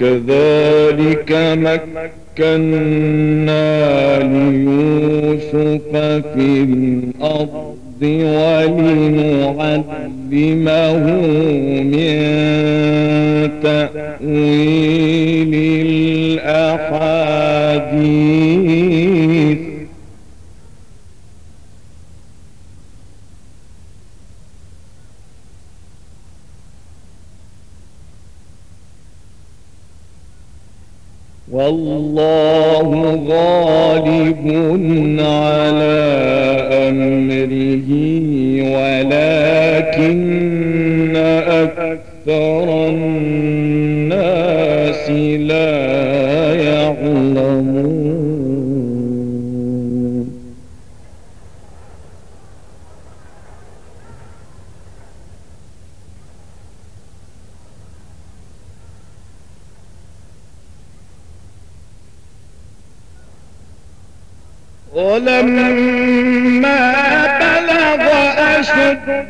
كذلك مكنا ليوسف في الأرض ولنعلمه من تأويل الأحاديث والله غالب على أمره ولكن أكثر الناس ولما بلغ أشده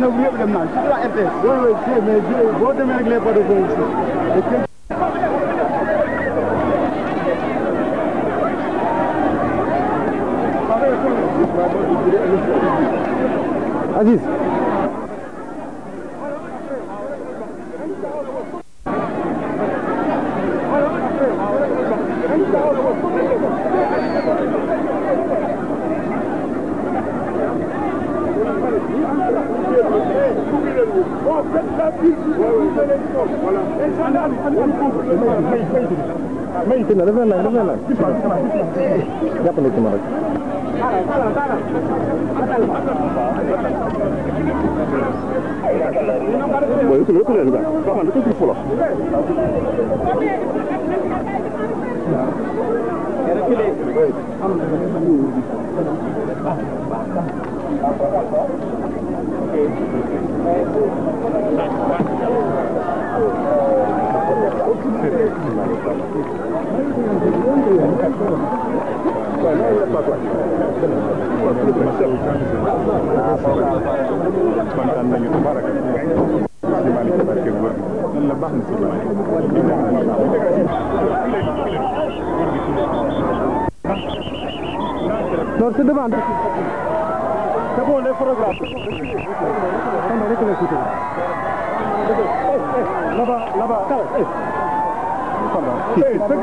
Je ne yëpp pas naa C'est la RTS. loolu oui, mais me pour kontaan nañu tabaraka si Malick si barke góor gi lan la fazer na si Malick non c'est devant c'est bon les photographes on a reconnu tout là fazer o que hey, ce fazer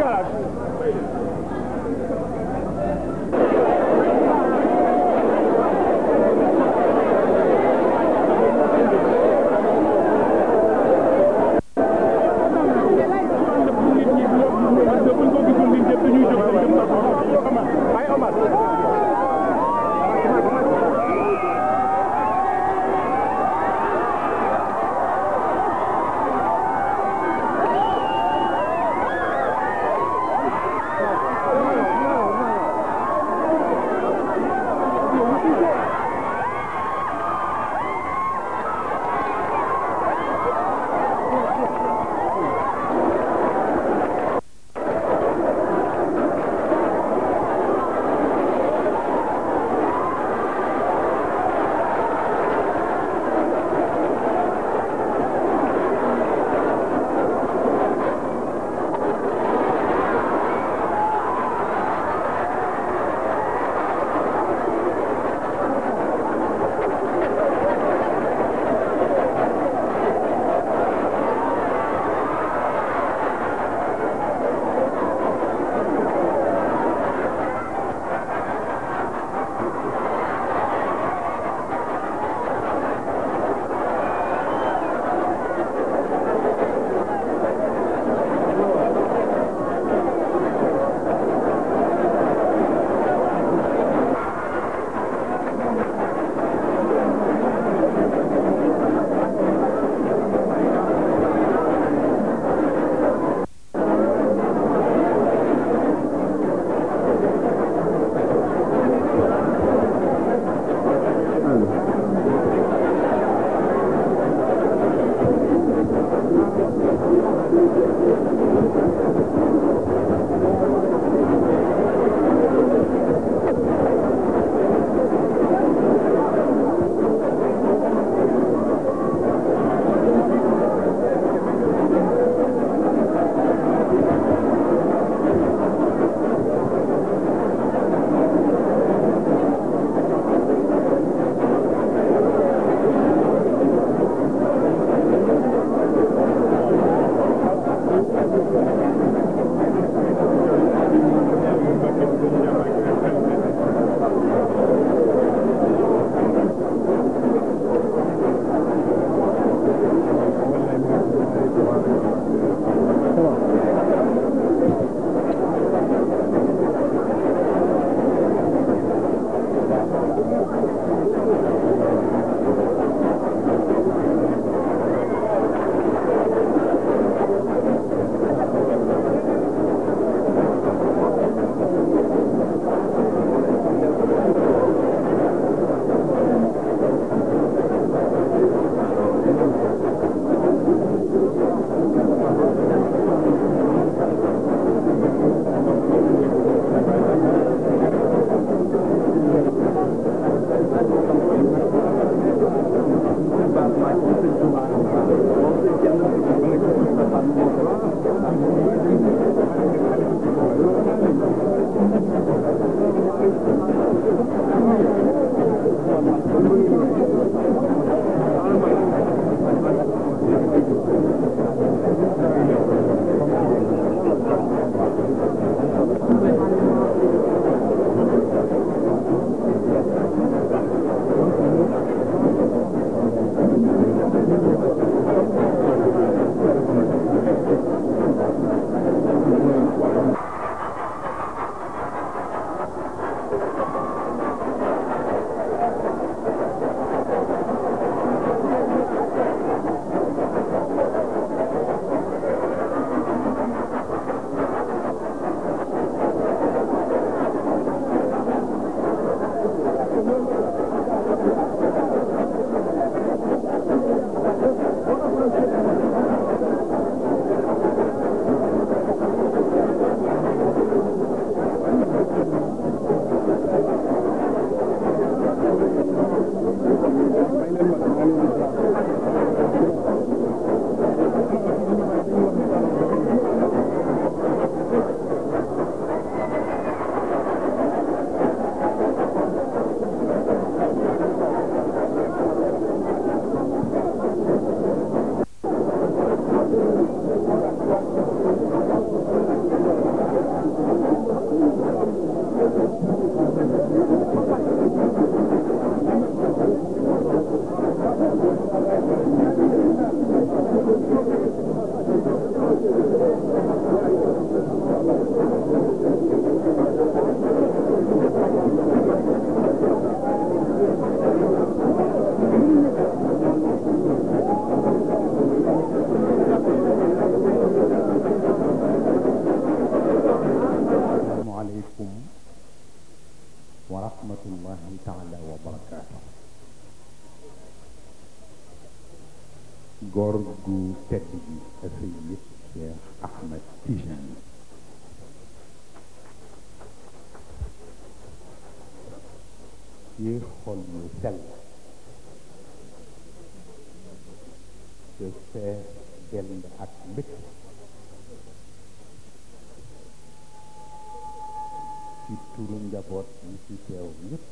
Fidelit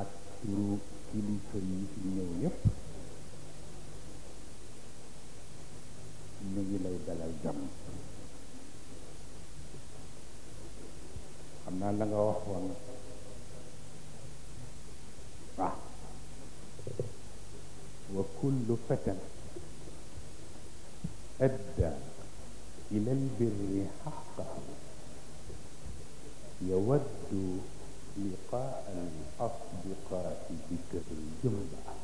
ak turu kilifa yi fi ñëw yépp ñu ngi lay dalal jàmm xam naa la nga waxoon waaw wa kullu fatan adda ila albirri xaqahu يود لقاء الأصدقاء بك الجمعة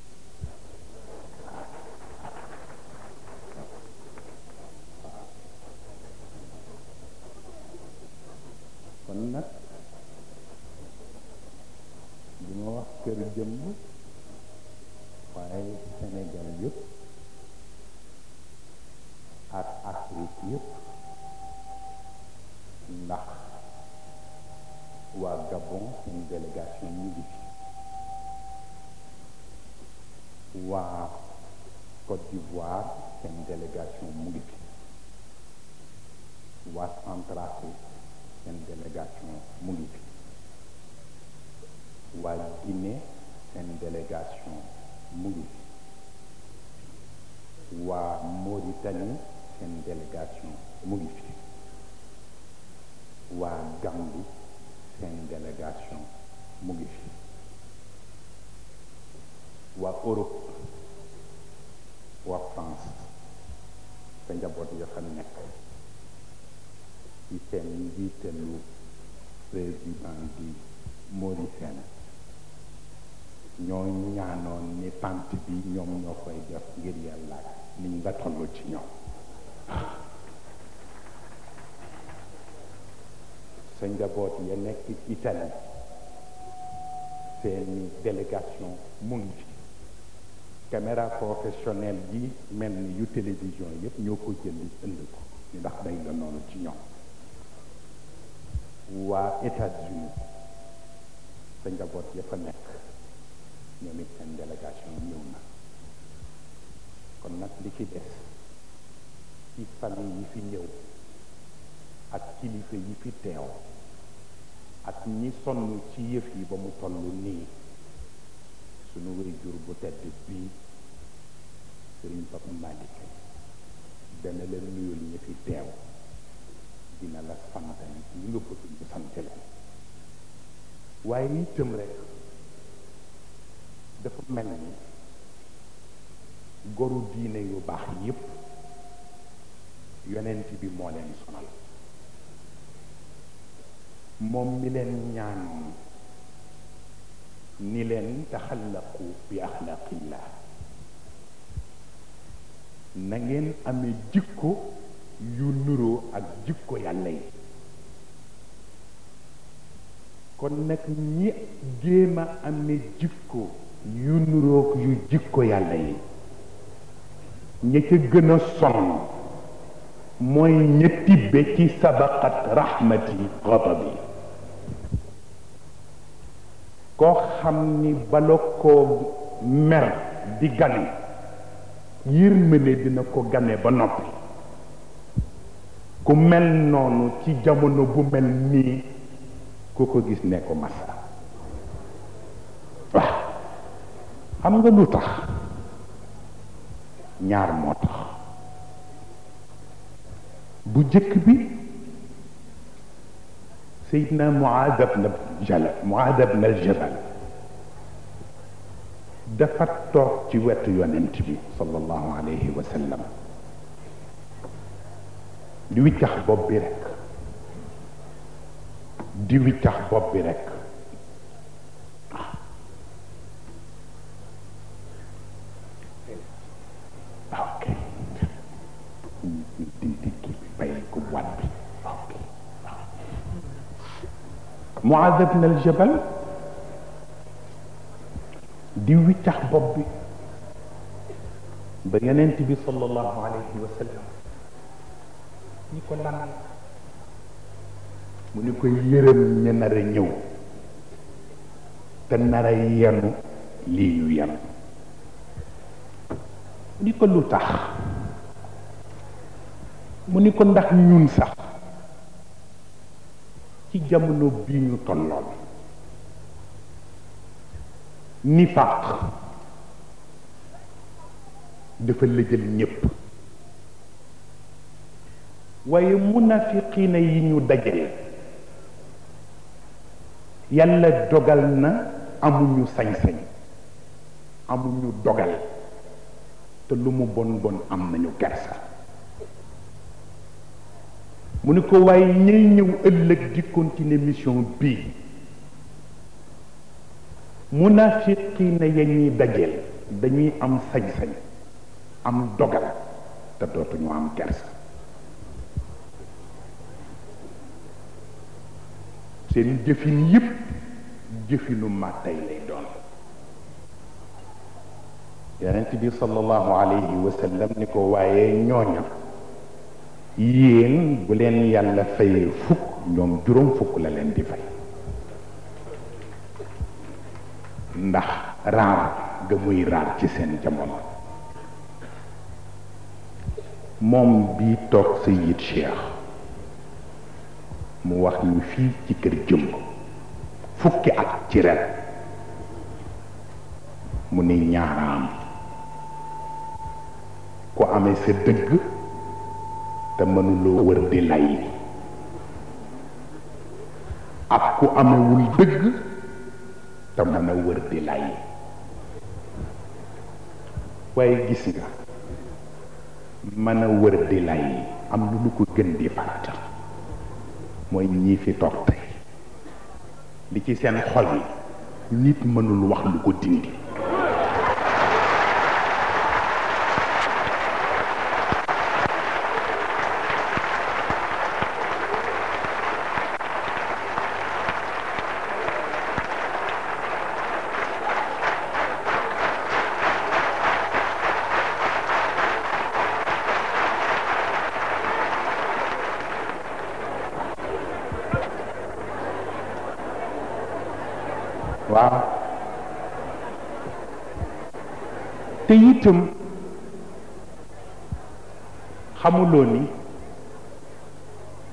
waa c'est une délégation Moulifi. Ou à la Guinée une délégation Moulifi. Ou à Mauritanie une délégation Moulifi. Ou à Gambie une délégation Ou à Europe la France c'est une ya ci seen njiitalu président bi Mauritanie ñoo ñaanoon ni pant bi ñoom ñoo koy def ngir yàlla niñ nga toll ci ñoom sa njaboot ya nekk Italie seeni délégation mu ngi fi caméra professionnelle yi mel ni yu télévision yëpp ñoo ko jëndi ënd ko ni ndax day nga noonu ci ñoom waa États-Unis sa njaboot ya fa nekk ñoom it seen délégation ñëw na kon nag li ci des ci famille yi fi ñëw ak kilifa yi fi teew ak ñi sonn ci yëf yi ba mu toll nii sunu jur bu tedd bii Sëriñ Pape Malick dana leen nuyul ñi fi teew dina la sant li nga bëgg ñu sant waaye itam rek dafa mel ni goru diine yu baax yépp yonent bi moo leen sonal moom mi leen ñaan ni leen taxallaqu bi axlaqillah na ngeen amee jikko yu nuroo ak jikko yàlla yi kon nag ñi jéem a jikko yu nuroog yu jikko yàlla yi ña ca gën sonn mooy ña tibbe ci sabaqat rahmati ghadabi koo xam ni bala koo mer di gane yërmande dina ko gane ba noppi ku mel noonu ci jamono bu mel nii ku ko gis ne ko masa waaw xam nga lu tax ñaar moo tax bu jëkk bi سيدنا معاذ بن جبل معاذ بن الجبل دفت توك تي ويت يونت بي صلى الله عليه وسلم du wiccax bopp bi rek di wiccax bopp bi rek معاذ بن الجبل دي ويتاح بوبي بيانتي بي صلى الله عليه وسلم ñi mu ni ko yërëm ña nar a ñëw te nar a yenu lii ñu yenu mu ni ko lu tax mu ni ko ndax ñuul sax ci jamono bii ñu tolloon nifaq dafa lëjal ñépp waaye munafiqina yi ñu dajale yàlla dogal na amuñu sañ-sañ amuñu dogal te lu mu bon bon am nañu kersa mu ni ko waaye ñay ñëw ëllëg di continuer mission bii munafiqina ya ñuy dajeel dañuy am sañ-sañ am dogal te dootuñu am kersa seen jëfin yëpp jëfinu màttay lay doon yonent bi sallallahu alayhi wa sallam ni ko waaye ñooña yéen bu leen yàlla fayee fukk ñoom juróom fukk la leen di fay ndax raar ga muy raar ci seen jamono moom bii toog sa yit cheikh mu wax ñu fii ci kër jëmb fukki at ci ren mu ni ñaaraam ku amee sa dëgg te mënuloo wër di lay ak ku amewul dëgg te mën a wër di lay waaye gis nga mën a wër di lay am lu lu ko gën di farata moi ni fi toog Les li ci seen xol yi nit mënul wax lu nitam xamuloo ni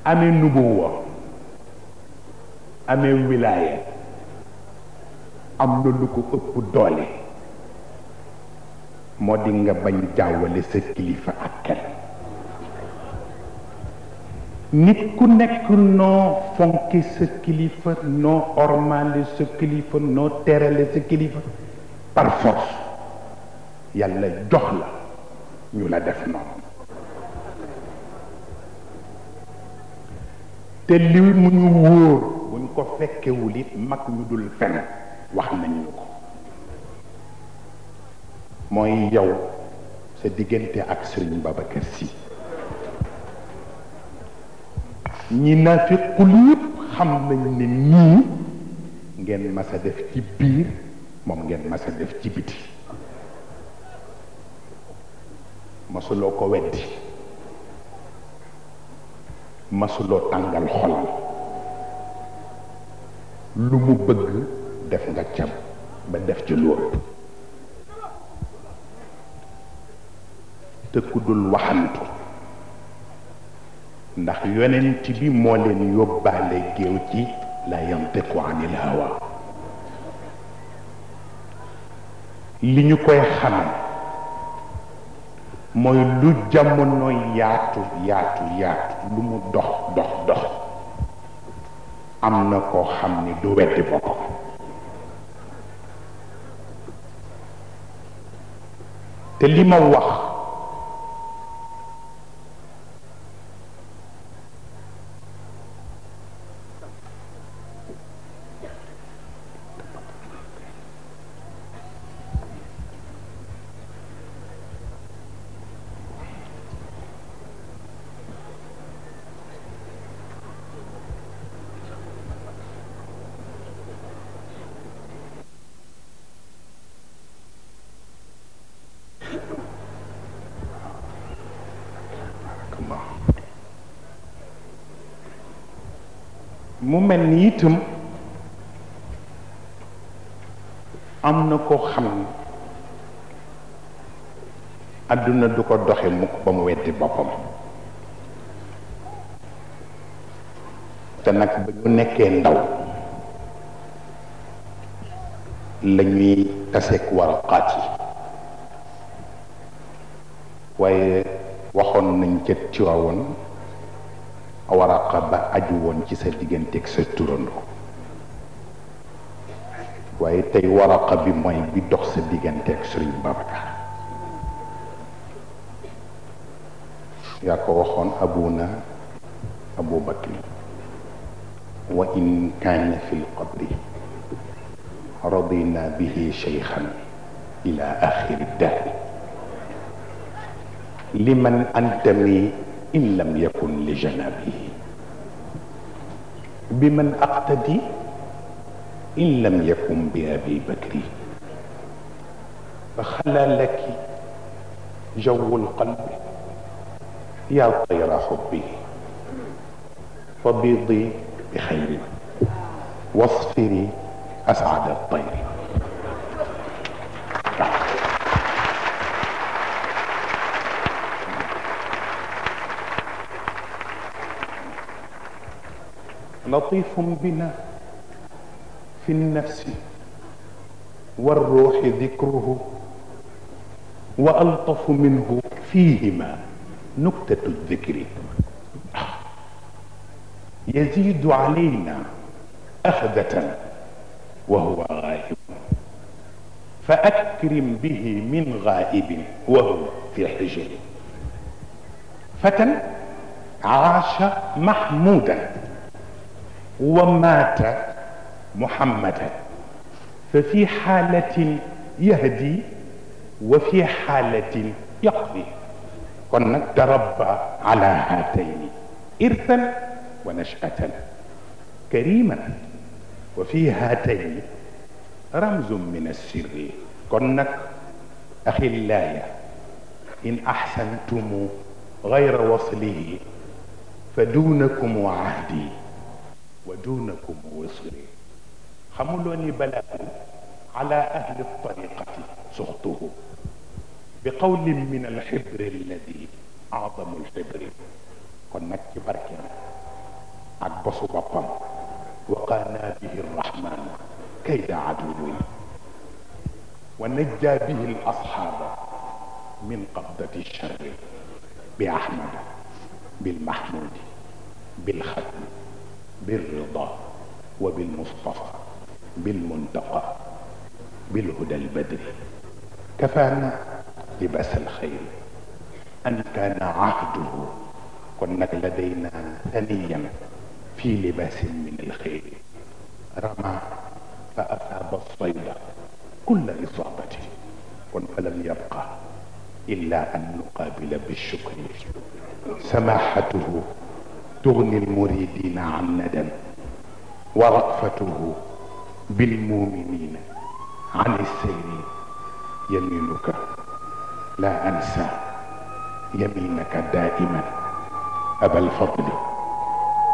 amee nubuwa amee wilaya am na lu ko ëpp doole moo di nga bañ jaawale sa kilifa ak kenn nit ku nekk noo fonki sa kilifa noo ormale sa kilifa noo terale sa kilifa par force yal la jok la, nyou la def nan. Tel liwi moun yu wour, goun kofek ke woulit, mak yu doul fene, wak men yu kou. Mwen yaw, se di gen te aksur yi baba kersi. Ni nan fwe kulip, ham men yu nen yu, gen masadev tibir, mwen gen masadev tibidhi. masuloo ko weddi masuloo tàngal xolam lu mu bëgg def nga cam ba def ci lu ëpp te waxantu ndax yonent bi moo leen yóbbaale géew ci la yantiqu anil hawa li ñu koy xamal mooy lu jamono yaatu yaatu yaatu lu mu dox dox dox am na koo xam ni du weddi boppam te li ma wax mel ni itam am na koo xam àdduna du ko doxe mukk ba mu weddi boppam te nag ba ñu nekkee ndaw la ñuy taseeg waraqaat yi waaye waxoon nañ ca Tiwaawoon waraqa ba aju woon ci sa digganteeg sa turandoo waaye tey waraqa bi moy bi dox sa digganteeg Serigne Babacar ya ko waxon abuna abou bakri wa in kana fi lqabri radina bihi shaykhan ila akhir axiri dahr liman antami إن لم يكن لجنابه بمن أقتدي إن لم يكن بأبي بكر فخلى لك جو القلب يا طير حبه فبيضي بخير واصفري أسعد الطير لطيف بنا في النفس والروح ذكره والطف منه فيهما نكته الذكر يزيد علينا اخذه وهو غائب فاكرم به من غائب وهو في الحجر فتى عاش محمودا ومات محمدا ففي حالة يهدي وفي حالة يقضي كنا تربى على هاتين إرثا ونشأة كريما وفي هاتين رمز من السر كنك أخلايا إن أحسنتم غير وصله فدونكم وعهدي ودونكم وصري حملني بلاء على أهل الطريقة سخطه بقول من الحبر الذي أعظم الحبر كنا كبركنا أكبس بطن وقانا به الرحمن كيد عدوي ونجى به الأصحاب من قبضة الشر بأحمد بالمحمود بالختم بالرضا وبالمصطفى بالمنتقى بالهدى البدري كفانا لباس الخير أن كان عهده كنا لدينا ثنيا في لباس من الخير رمى فأثاب الصيد كل إصابته فلم يبقى إلا أن نقابل بالشكر سماحته تغني المريدين عن ندم ورأفته بالمؤمنين عن السيرين يمينك لا أنسى يمينك دائما أبا الفضل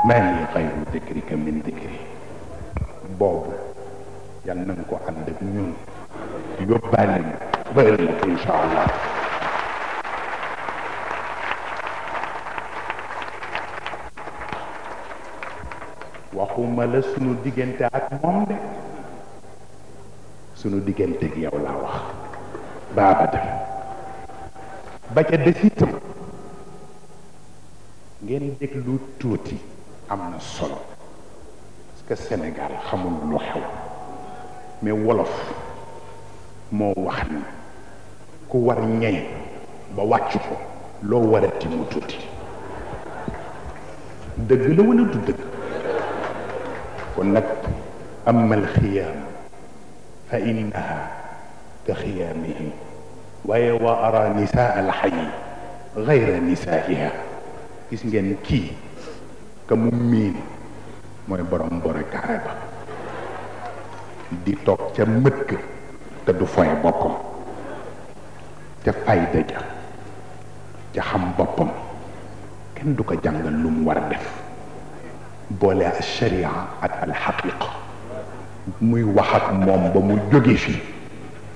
ما لي غير ذكرك من ذكري بوب يلا عند عندك نيون يبالي بيرلك إن شاء الله waxuma la sunu diggante ak moom de sunu diggante ak yow laa wax def ba ca des itam ngeen déglu tuuti am na solo parce que Sénégal xamul lu xew mais wolof moo wax ni ku war ñey ba wàcc ko loo warati mu tuuti dëgg la wala du dëgg والنكد wa ya wa ara nisaa al hayy ghayra nisaaha gis ngeen ki ka mu moy borom bore kaare ba di tok ca te du ca fayda ja ca xam bopam ken du ko jangal lu war def boole al sharia ak alxaqiqa muy wax ak moom ba mu jóge fi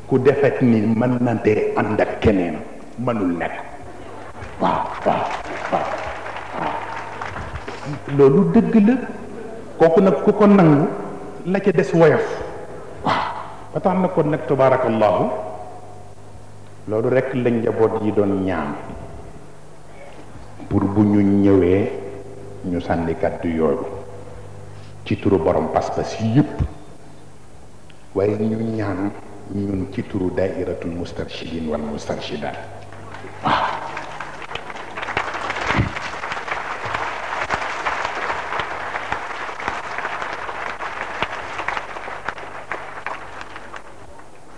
ku defet ni mën na dee ànd ak keneen mënul nekk waaw waaw waaw loolu dëgg la kooku nag ku ko nangu la ca des woyof waaw ba tax na kon nag tabaarakallaahu loolu rekk la njaboot yi doon ñaan pour bu ñu ñëwee ñu sànni kàddu yooyu ci turu borom pas-pas yépp waaye ñu ñaan ñun ci turu daairatul mustarshidin wal mustarshidat ah.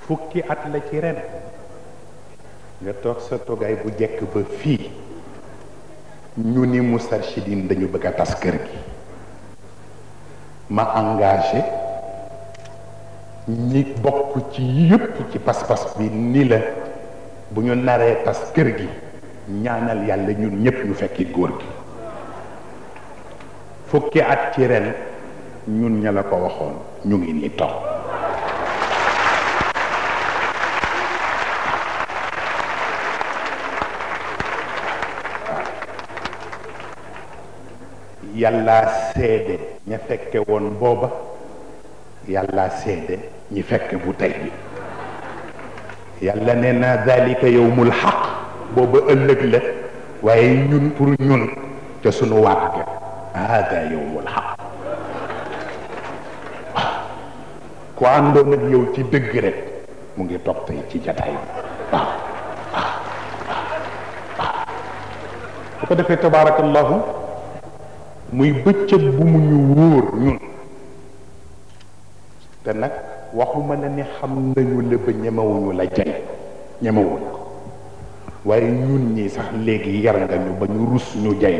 fukki at la ci ren nga toog sa togaay bu jekk ba fii ñu ni Moustarchidine dañu bëgg a tas kër gi ma engage ñi bokk ci yëpp ci pas-pas bi ni la bu ñu naree tas kër gi ñaanal yàlla ñun ñëpp ñu fekki góor gi fukki at ci ren ñun ña la ko waxoon ñu ngi ni toog yàlla seede ña fekke woon booba yàlla seede ñi fekke bu tey bi yàlla nee na dalika yowmul xaq booba ëllëg la waaye ñun pour ñun te sunu waat ga hada yowmul xaq ku àndoon ak yow ci dëgg rek mu ngi toog tey ci jataay waaw bu ko defee tabaarakallahu muy bëccëg bu mu ñu wóor ñun te nag waxuma la ne xam nañu la ba ñemewuñu la jay ñemewuñu ko waaye ñun ñi sax léegi yar nga ñu ba ñu rus ñu jay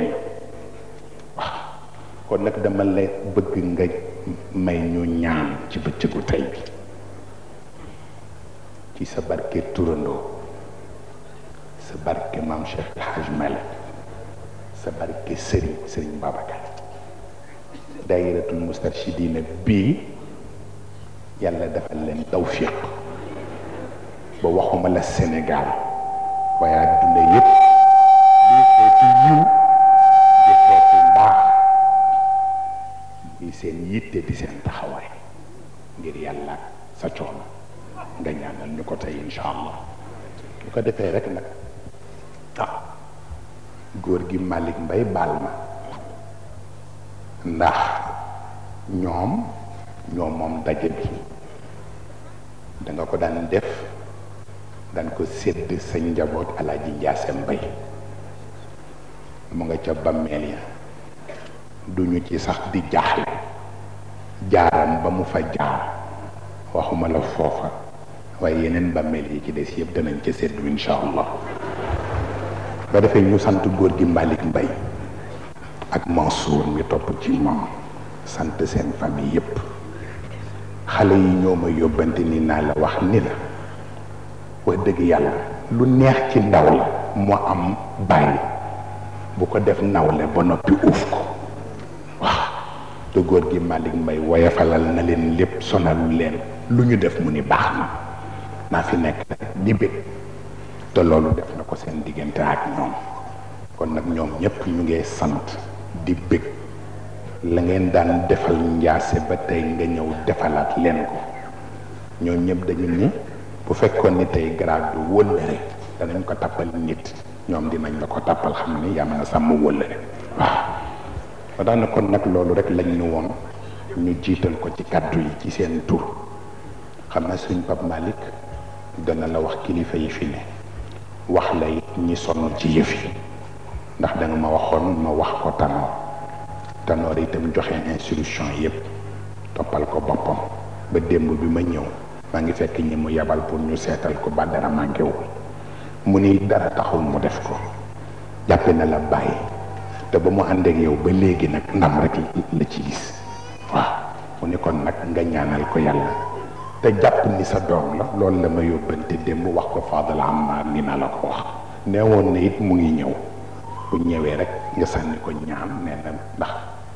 waaw kon nag dama la bëgg nga may ñu ñaan ci bëccëgu tey bi ci sa barke turandoo sa barke maam Cheikh El Hadj sa barke Serigne Serigne Babacar daayiratul mustarshidina bii yàlla defal leen tawfiq ba waxuma la Sénégal waaye adduna yëpp lii xeetu yiw di xeetu mbaax muy seen yitte di seen taxawaay ngir yàlla sa coono nga ñaanal ñu ko tey incha allah bu ko defee rek nag ah góor gi Malick mbay baal ma ndax ñoom ñoom moom daje bi danga ko daan def daan ko sédd sa njaboot Alaaji Njaase Mbay mu nga ca bammeel ya ñu ci sax di jaaxle jaaram ba mu fa jaar waxuma la foofa waaye yeneen bammeel yi ci des yëpp danañ ca séddu incha allah ko defee ñu sant góor gi Malick mbay ak Mansour mi topp ci moom sant seen famille yépp xale yi ñoo may yóbbante ni naa la wax ni la wax dëgg yàlla lu neex ci ndaw la moo am bàyyi bu ko def nawle ba noppi uuf ko waaw te góor gi Malick mbay woye na leen lépp sonalu leen lu ñu def mu ni baax na naa fi nekk di bég te loolu def na ko seen diggante ak ñoom kon nag ñoom ñëpp ñu ngee sant di bëgg la ngeen daan defal njaase ba tey nga ñëw defalaat leen ko ñoom ñëpp dañu ni bu fekkoon ni tey grade du wëllëre danañ ko tappal nit ñoom dinañ la ko tappal xam ni yàlla na sàmm wëllëre waaw ba tax kon nag loolu rek lañ ñu woon ñu jiital ko ci kàddu yi ci seen tur xam na suñ Pape Malick dana la wax kilifa yi fi ne wax la ñi sonn ci yëf ndax danga nga ma waxoon ma wax ko tanoor tanoor itam joxe instruction yëpp toppal ko boppam ba démb bi ma ñëw maa ngi fekk ñi mu yebal pour ñu seetal ko ba dara manqué mu ni dara taxul mu def ko jàppe na la bàyyi te ba mu ànd ak ba léegi nag ndam rek la ci gis waaw mu ni kon nag nga ñaanal ko yàlla te jàpp ni sa doom la lool la ma yóbbante démb wax ko Fadal Amar ni na la ko wax nee woon na it mu ngi ñëw bu ñëwee rek nga sànni ko ñaan nee na ndax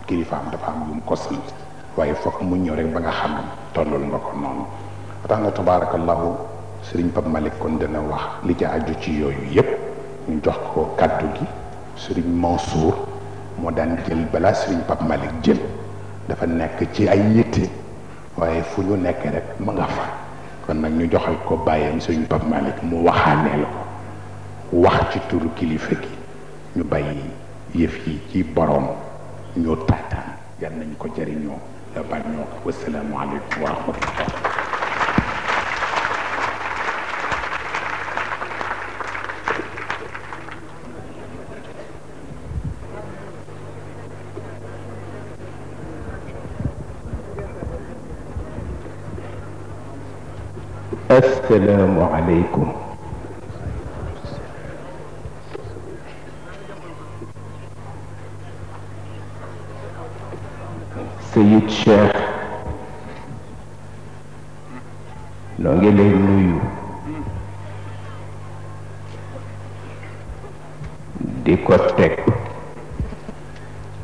kilifaam dafa am lu mu ko sant waaye foog mu ñëw rek ba nga xam tollu nga ko noonu tax na tabaarakallahu sëriñ Pape Malick kon dana wax li ca aju ci yooyu yépp ñu jox ko kàddu gi sëriñ Mansour moo daan jël balaa sëriñ Pape Malick jël dafa nekk ci ay yitte waaye fu ñu nekk rek mu nga fa kon nag ñu joxal ko bàyyam suñu Pape Malick mu waxaaneel ko wax ci turu kilifa gi ñu bàyyi yëf yi ci boroom ñu taataan yal nañ ko jëriñoo la bañoo wasalaamualeykum wa rahmatullah assalaamu aleykum Seyid noo ngi lay nuyu di ko teg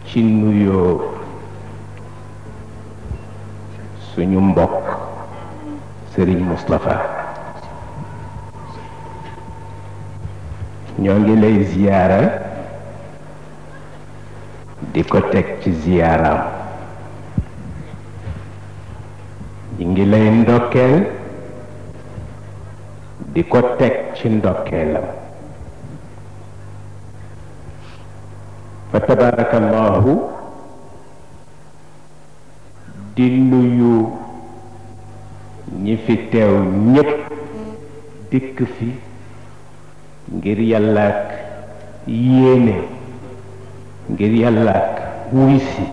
ci nuyoo suñu mbokk sëriñ Moustapha ñoo ngi lay ziyaara di ko teg ci ziyaaraam ñi ngi lay ndokkeel di ko teg ci ndokkeelam fa tabarakallahu di nuyu ñi fi teew ñépp dikk fi ngir yàlla ak yéene ngir yàlla ak wuysi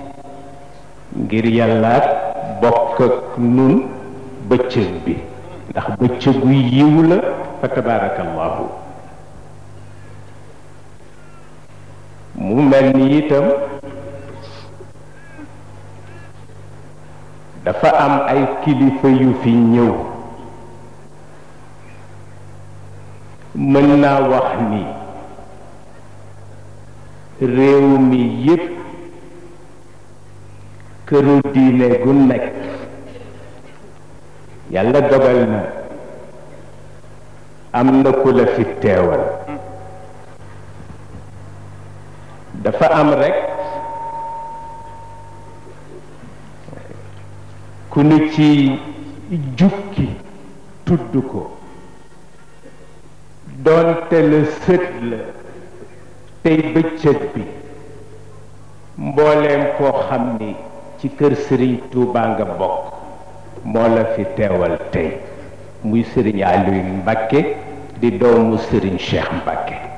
ngir yàlla ak bokk ak nun bëccëg bi ndax bëccëgu yiw la fa tabarakallahu mu mel ni itam dafa am ay kilifa yu fi ñëw mën naa wax ni réew mi yépp këru diine gu nekk yàlla dogal na am na ku la fi dafa am rekk ku nu ci jukki tudd ko doonte la sët la tey bëccëg bi mbooleem koo xam ni ci kër sëriñ Touba nga bokk moo la fi teewal tey muy Serigne Aliou Mbacké di doomu Serigne Cheikh Mbacké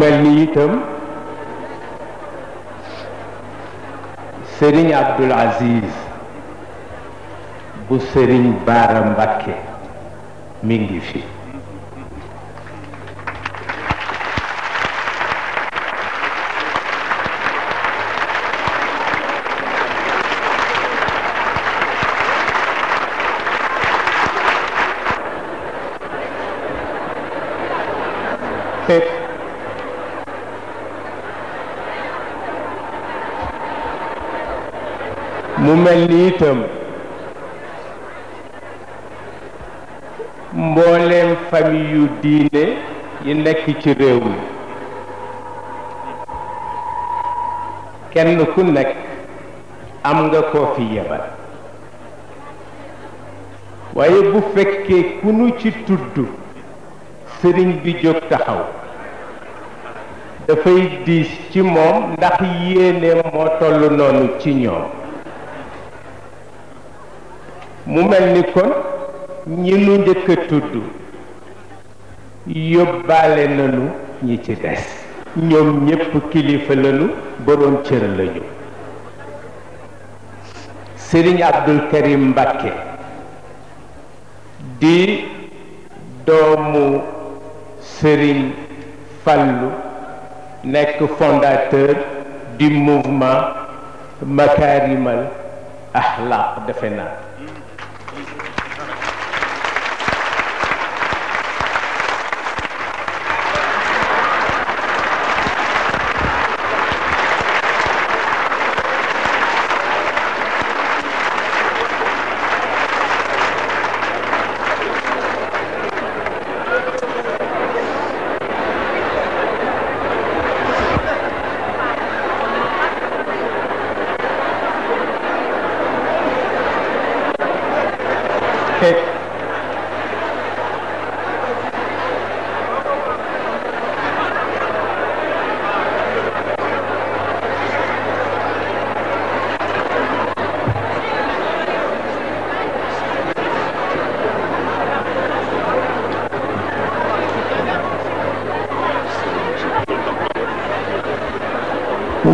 mel ni itam sëriñ Abdul Aziz bu sëriñ Baara Mbàkke mi ngi fi mel ni itam mbooleem famille yu diine yi nekk ci réew mi kenn ku nekk am nga ko fi yebal waaye bu fekkee ku nu ci tudd sëriñ bi jóg taxaw dafay diis ci moom ndax yéene moo toll noonu ci ñoom mu mel ni kon ñi nu njëkk a tudd yóbbaale nañu ñi ci des ñoom ñépp kilifa lañu boroom cër lañu Sëriñ Abdul Karim Mbàkke di doomu Sëriñ Fallu nekk fondateur du mouvement Makarimal Akhlaq defe naa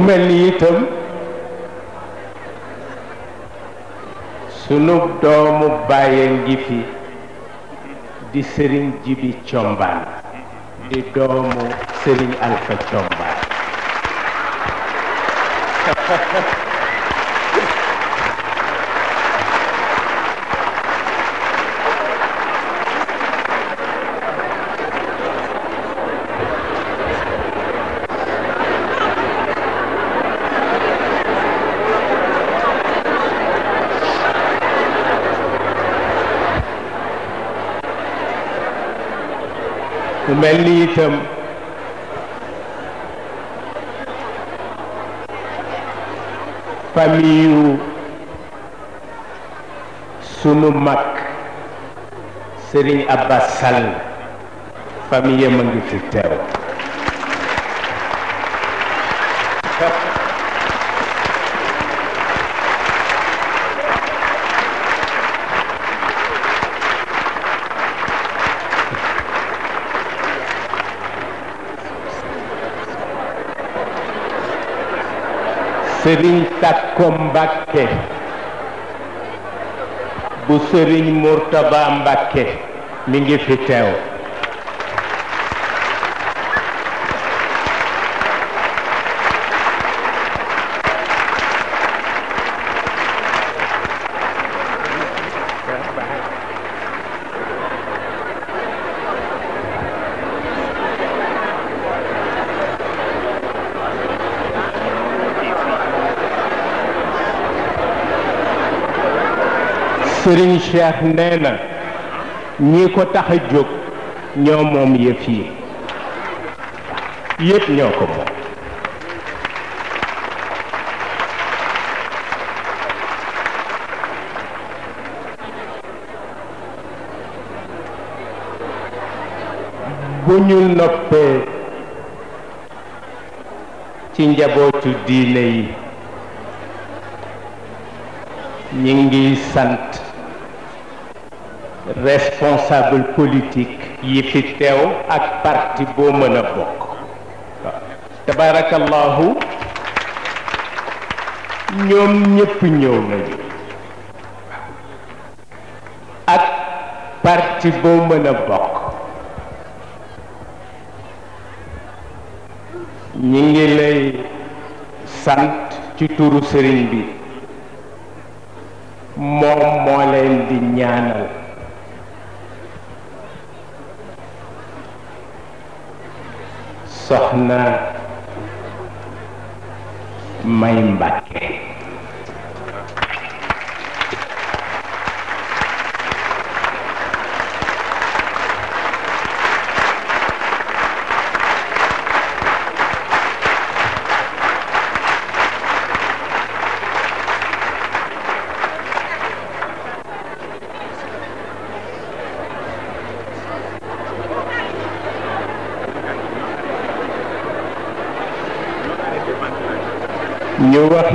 mel ni itam sunu doomu bàyye ngi di sëriñ jibi combaan di doomu sëriñ alfa combaan lii famili famiyu sunu sering Serigne Abbas Sall famille sëriñ Sàkko Mbàkke bu sëriñ Murtaba Mbàkke mi ngi fi sëriñ Cheikh nee na ñi ko tax a jóg ñoo moom yëf yi yëpp ñoo ko moom bu ñu noppee ci njabootu diine yi ñi ngi sant responsable politique yi fi teew ak parti boo mën a bokk waaw tabarakallahu ñoom ñëpp nyom nyom ak parti boo mën a bokk ñi ngi lay sant ci turu sëriñ bi moom moo leen di soxna may mbàkk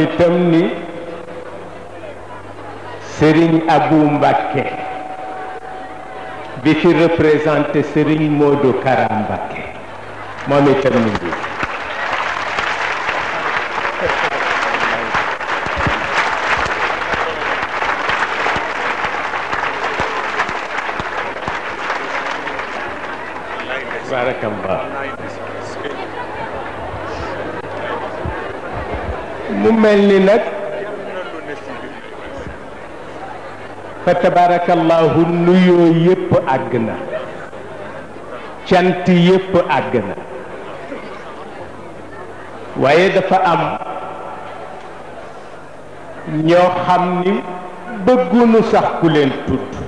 itam ni Serigne Abou Mbacké bi fi représenté Serigne Modou Kara Mbacké moom itam ni barakallah mel ni nag fa tabarakallahu nuyoo yépp àgg na cant yépp àgg na waaye dafa am ñoo xam ni bëggunu sax ku leen tudd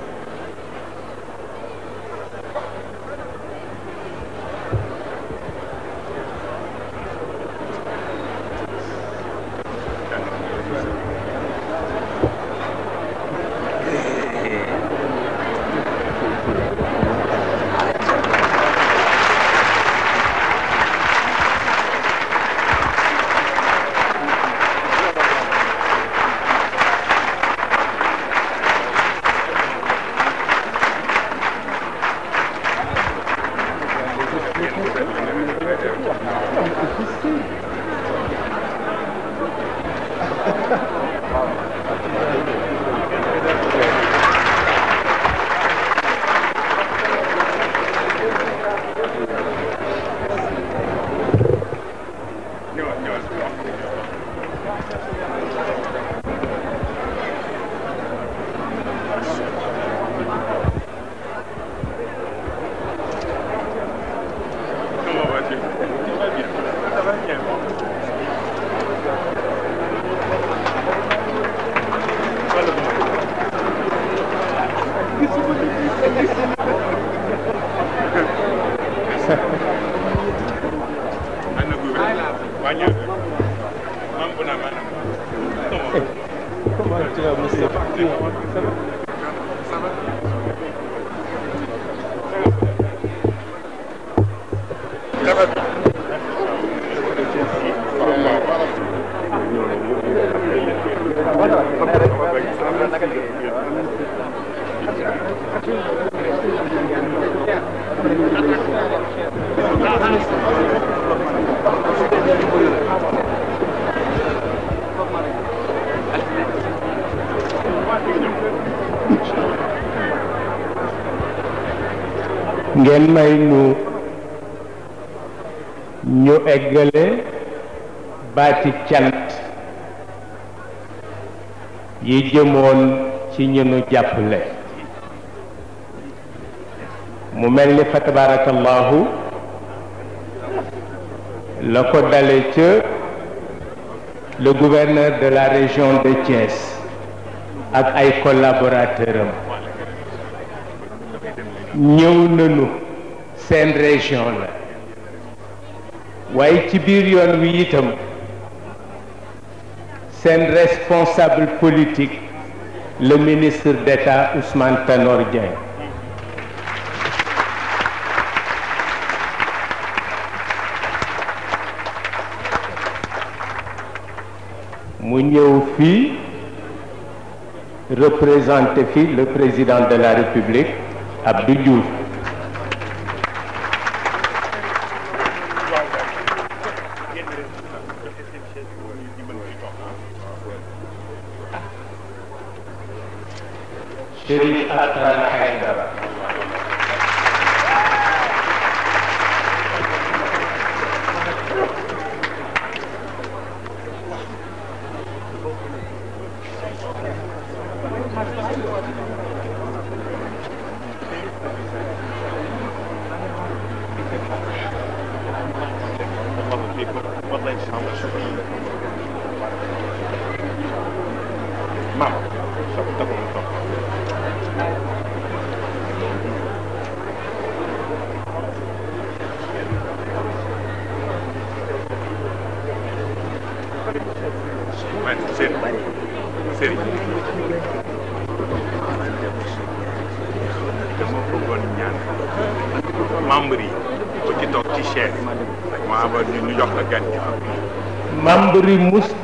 ngeen may nu Nous eggale baati cant yi jëmoon ci ñënu mu le gouverneur de la région de Thiès ak ay collaborateur am région la waaye ci biir responsable politique le ministre d'État Ousmane Tanor Dieng représente le président de la République Abdou Serigne Alassane Aidara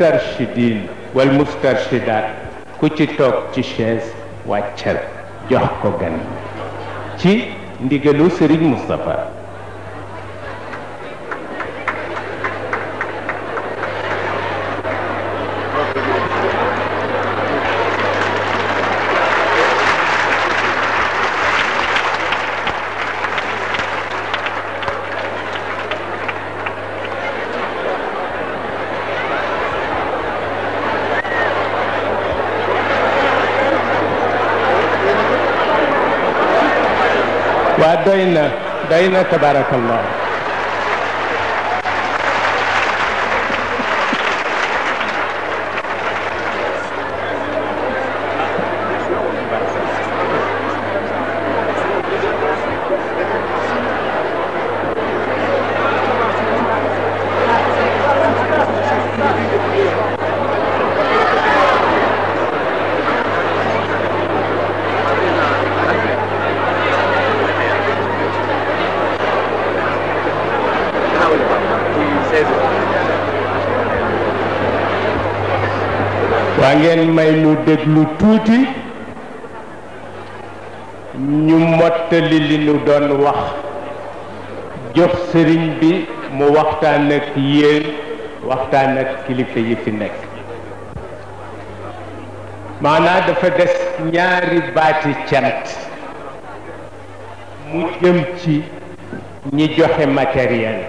mustarshidiin wal mustarshidaat ku ci toog ci chaise wàccal jox ko gan ci ndigalu Serigne Moustapha وأدينا دينا تبارك الله ngeen may nu déglu tuuti ñu mottali li nu doon wax jox sëriñ bi mu waxtaan ak yéen waxtaan ak kilifa yi fi nekk maanaa dafa des ñaari baati cent mu jëm ci ñi joxe matériel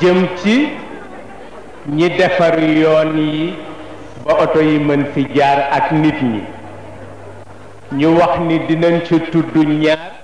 jëm ci ñi defar yoon yi oto yi mën fi jaar ak nit ñi ñu wax ni dinañ ci tudd ñaar